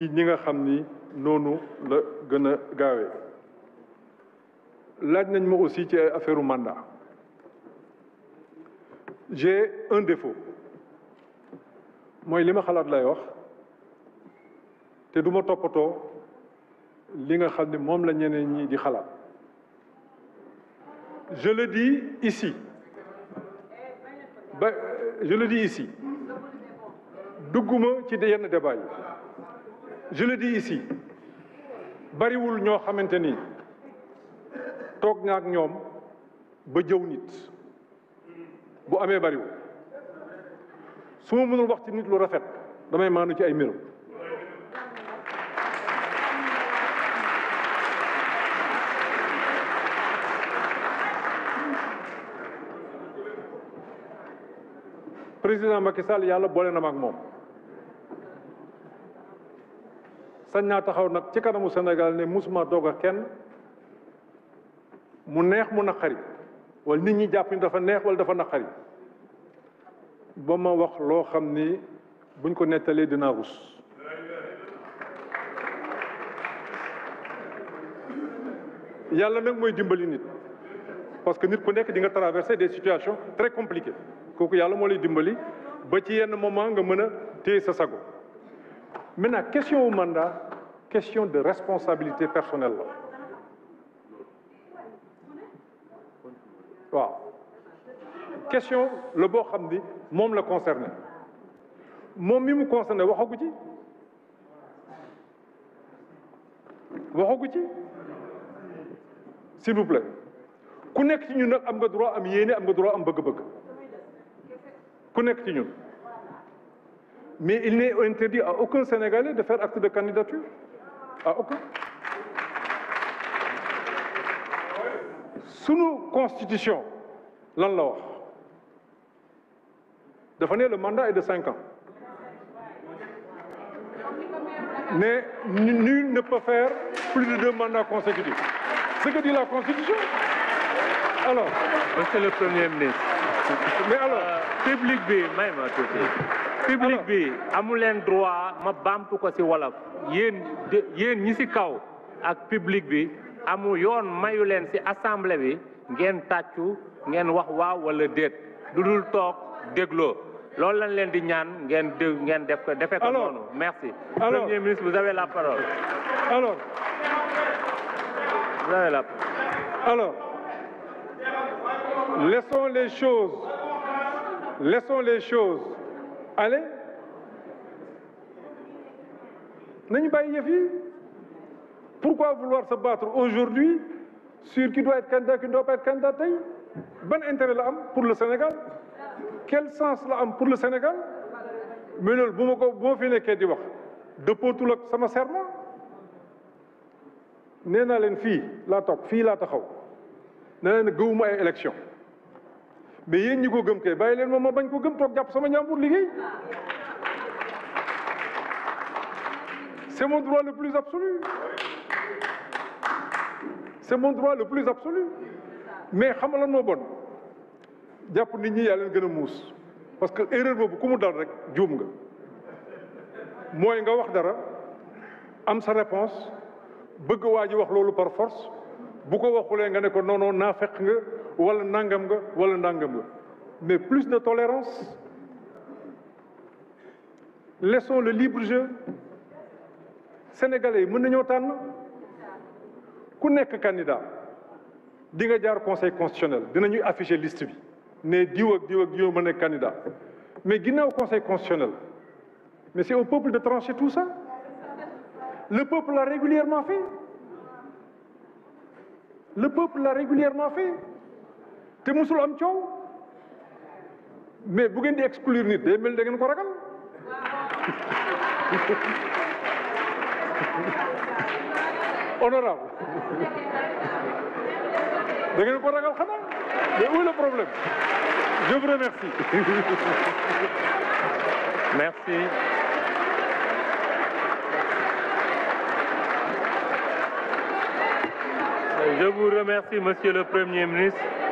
ci ñi nga xam ni noonu la gën a gaawee laaj nañ ma aussi ci ay affaire mandat j'ai un défaut mooy lima xalaat lay wax te duma toppatoo li nga xam ne moom la ñeneen ñi di xalaat je le ici ba je dugguma ci yenn débat yi jule le dis bariwul ñoo xamante ni toog naa ak ñoom ba jëw nit bu amee bariwul su ma mënul wax ci nit lu rafet damay maanu ci ay mbiram président Macky Sall yàlla boole na ma ak moom sañ naa taxaw nag ci kanamu Sénégal ne musuma dog kenn mu neex mu naqari wala nit ñi jàpp ni dafa neex wala dafa naqari ba ma wax loo xam ni buñ ko nettalee dinaa rus yàlla nag mooy dimbali nit parce que nit ku nekk di nga traverser des situations très compliquées kooku yàlla moo lay dimbali ba ci yenn moment nga mën a téye sa sago maintenant question wu mandat question de responsabilité personnelle la waaw question la boo xam ni moom la concerné moom mi mu concerné waxagu ci waxagu ci s'il vous plaît ku nekk ci ñun nag am nga droit am yéene am ga droit am bëgg-bëgg ku nekk ci Mais il n'est interdit à aucun Sénégalais de faire acte de candidature. À aucun. Sous constitution, lan la wax dafa ne le mandat est de cinq ans mais nul ne peut faire plus de deux mandats consécutifs ce que dit la constitution alors monsieur le premier ministre mais alors euh, public bi may ma tuuti public bi amuleen droit ma baamtu ko ci wolof yéen ñi ci kaw ak public bi amul yoon mayu leen ci assemblée bi ngeen tàccu ngeen wax waaw walla déet du dul toog dégloo loolu lañ leen di ñaan ngeen dé ngeen def ko defee ko noonu merci alors premier ministre vous avez la parole alors vous les choses allez ne bàyyi yëf yi pourquoi vouloir se battre aujourd'hui sur qui doit être candidat qui ne doit pas être candidat tey ban intérêt la am pour le Sénégal quel sens la am pour le Sénégal mais loolu bu ma ko bu ma fi nekkee di wax dëppootul ak sama la nee naa leen fii laa toog fii laa taxaw nee naa leen gëwuma ay élection mais yéen ñi ko gëm kay bàyyi leen moom ma bañ ko gëm toog jàpp sama ñaambur liggéey c'est mon droit le plus absolu c'est mon droit le plus absolu mais xam lan moo bon jàpp nit ñi yaa leen gën a muus parce que erreur boobu ku mu dal rek juum nga mooy nga wax dara am sa réponse bëgg waa ji wax loolu par force bu ko waxulee nga ne ko non naa fekk nga wala nangam nga wala nangam mais plus de tolérance laissons le libre jeu sénégalais yi mën nañoo tànn ku nekk candidat di nga jaar conseil constitutionnel dinañuy afficher liste bi ne diw ak diw ak diw mën nekk candidat mais ginnaaw conseil constitutionnel mais c'est au peuple de trancher tout ça le peuple l'a régulièrement fait le peuple l'a régulièrement fait te musul am coow mais bu ngeen di exclure nit day da ngeen ko ragal honorable da ngeen ko ragal xanaa mais problème je vous Je vous remercie, Monsieur le Premier ministre.